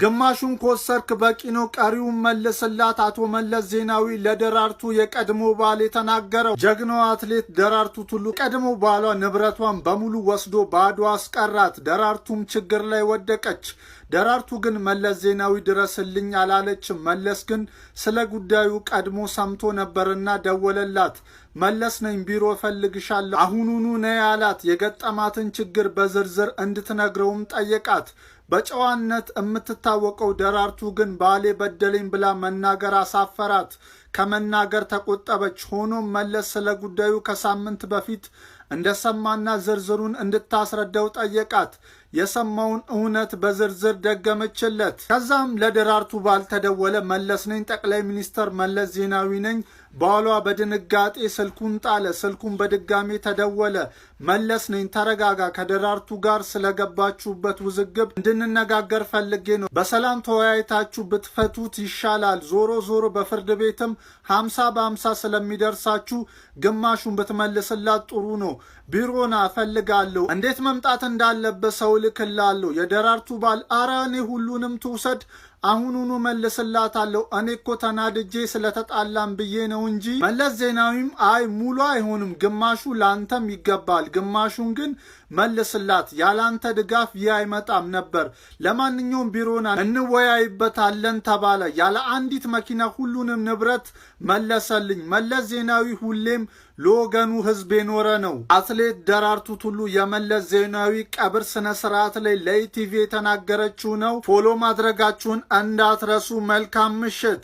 ግማሹን ኮሰርክ በቂ ነው፣ ቀሪውን መልስላት። አቶ መለስ ዜናዊ ለደራርቱ የቀድሞ ባል የተናገረው ጀግናው አትሌት ደራርቱ ቱሉ ቀድሞ ባሏ ንብረቷን በሙሉ ወስዶ ባዶ አስቀራት። ደራርቱም ችግር ላይ ወደቀች። ደራርቱ ግን መለስ ዜናዊ ድረስልኝ አላለችም። መለስ ግን ስለ ጉዳዩ ቀድሞ ሰምቶ ነበርና ደወለላት። መለስ ነኝ፣ ቢሮ እፈልግሻለሁ፣ አሁኑኑ ነይ አላት። የገጠማትን ችግር በዝርዝር እንድትነግረውም ጠየቃት። በጨዋነት የምትታወቀው ደራርቱ ግን ባሌ በደለኝ ብላ መናገር አሳፈራት። ከመናገር ተቆጠበች። ሆኖም መለስ ስለ ጉዳዩ ከሳምንት በፊት እንደሰማና ዝርዝሩን እንድታስረዳው ጠየቃት። የሰማውን እውነት በዝርዝር ደገመችለት። ከዛም ለደራርቱ ባልተደወለ መለስ ነኝ። ጠቅላይ ሚኒስተር መለስ ዜናዊ ነኝ። ባሏ በድንጋጤ ስልኩን ጣለ። ስልኩን በድጋሜ ተደወለ። መለስ ነኝ፣ ተረጋጋ። ከደራርቱ ጋር ስለገባችሁበት ውዝግብ እንድንነጋገር ፈልጌ ነው። በሰላም ተወያይታችሁ ብትፈቱት ይሻላል። ዞሮ ዞሮ በፍርድ ቤትም ሀምሳ በሀምሳ ስለሚደርሳችሁ ግማሹን ብትመልስላት ጥሩ ነው። ቢሮን እፈልጋለሁ። እንዴት መምጣት እንዳለበት ሰው ልክላለሁ። የደራርቱ ባል አረ እኔ ሁሉንም ትውሰድ አሁኑኑ መልስላታለሁ። እኔ እኮ ተናድጄ ስለተጣላም ብዬ ነው እንጂ። መለስ ዜናዊም አይ ሙሉ አይሆንም፣ ግማሹ ላንተም ይገባል፣ ግማሹን ግን መልስላት፣ ያላንተ ድጋፍ ይህ አይመጣም ነበር። ለማንኛውም ቢሮና እንወያይበታለን ተባለ። ያለ አንዲት መኪና ሁሉንም ንብረት መለሰልኝ። መለስ ዜናዊ ሁሌም ለወገኑ ህዝብ የኖረ ነው። አትሌት ደራርቱ ቱሉ የመለስ ዜናዊ ቀብር ስነ ስርዓት ላይ ለኢቲቪ የተናገረችው ነው። ፎሎ ማድረጋችሁን እንዳትረሱ። መልካም ምሽት